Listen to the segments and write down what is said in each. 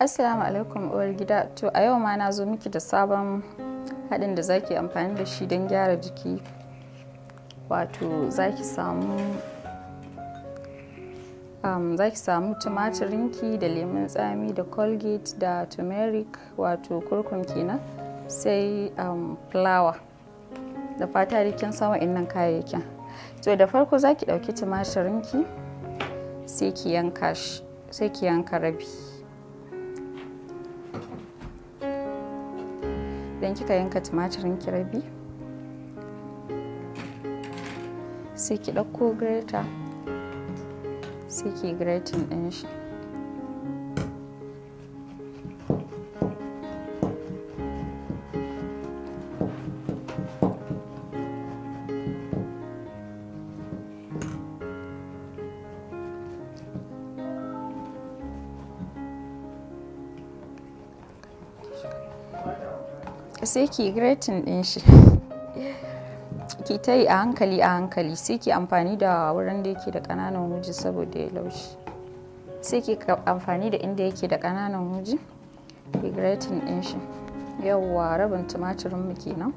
Assalamu alaikum uwar gida to a yau ma na zo miki da sabon haɗin da zaki amfani da shi don gyara jiki wato zaki samu um, zaki samu tumatirinki da lemun tsami da colgate da turmeric wato kurkun kenan sai um, flour da fata da kin samu innan kayayyakin to da farko zaki ɗauki tumatirinki sai ki yanka shi sai ki yanka rabi idan kika yanka tumatirin ki rabi sai ki ɗauko greta sai ki grating ɗin shi Thank you. sai ki gretin din shi ki ta yi a hankali a hankali sai ki amfani da wurin da yake da kananan huji saboda ya laushi sai ki amfani da inda yake da kananan huji ki gretin din shi yawwa rabin tumatirin mu kenan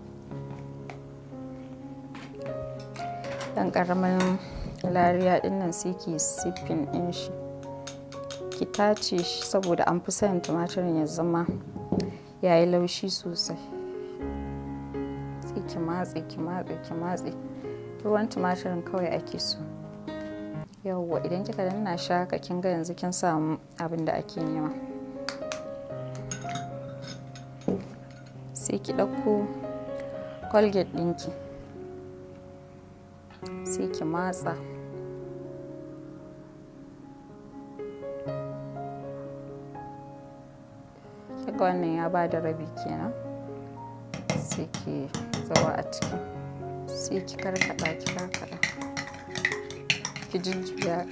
dan karamin lariya din nan sai ki siffin din shi ki tace shi saboda an fi son tumatirin ya zama ya yi laushi sosai ki matse ki matse ki matse ruwan tumatirin kawai ake so yauwa idan kika danna shaka kin ga yanzu kin samu abin da ake nema sai ki ɗauko colgate ɗinki sai ki matsa kika wannan ya bada rabi kenan sai ki zawa a ciki sai ki karkada ki karkada ki jujjuya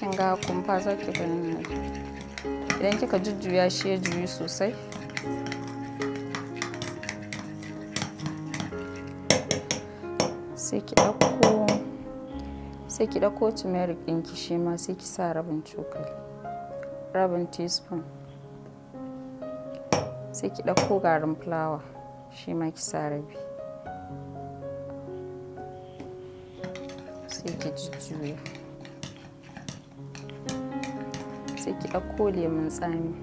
kin ga kumfa za ki gani idan kika jujjuya shi ya juyi sosai sai ki ɗauko sai ki ɗauko turmeric ki shi ma sai ki sa rabin cokali rabin teaspoon sai ki ɗauko garin fulawa shi ma ki sa rabi sai ki jujjuya sai ki ɗauko lemun tsami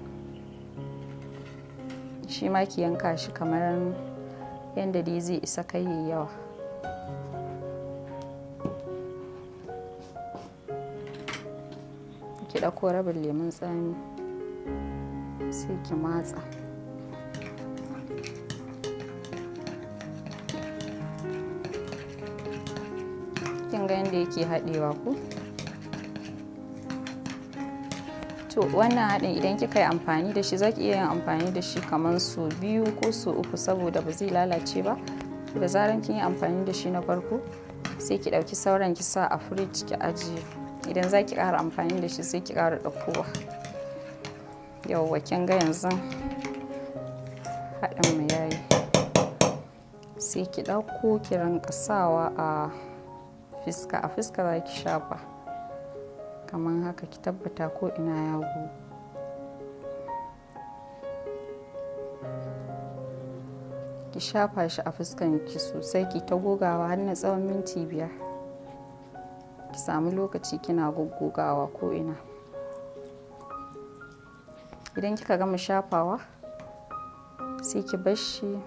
shi ma ki yanka shi kamar yadda dai zai isa kai yawa ki ɗauko rabin lemun tsami sai ki matsa kin ga yadda yake haɗewa ku to wannan haɗin idan kika yi amfani da shi zaki iya yin amfani da shi kamar su biyu ko su uku saboda ba zai lalace ba da zaran kin yi amfani da shi na farko sai ki ɗauki sauran ki sa a firij ki ajiye idan za ki ƙara amfani da shi sai ki ƙara ɗaukowa yawwa kin ga yanzu haɗin mu yayi sai ki ɗauko ki rinka sawa a fiska a fiska za ki shafa kamar haka ki tabbata ko ina ya ki shafa shi a fuskanki sosai ki ta gogawa har na tsawon minti biyar ki samu lokaci kina guggugawa ko ina idan kika gama shafawa sai ki bar shi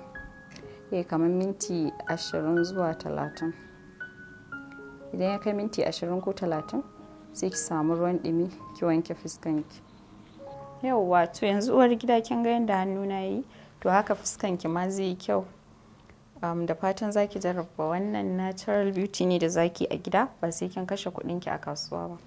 ya kamar minti 20 zuwa 30 idan ya kai minti 20 ko 30 sai ki samu ruwan ɗumi ki wanke fuskanki yau wato yanzu uwar gida kin ga yadda hannu na yi to haka fuskanki ma zai yi kyau da fatan zaki jarraba wannan natural beauty ne da zaki a gida ba sai kin kashe kudinki a kasuwa ba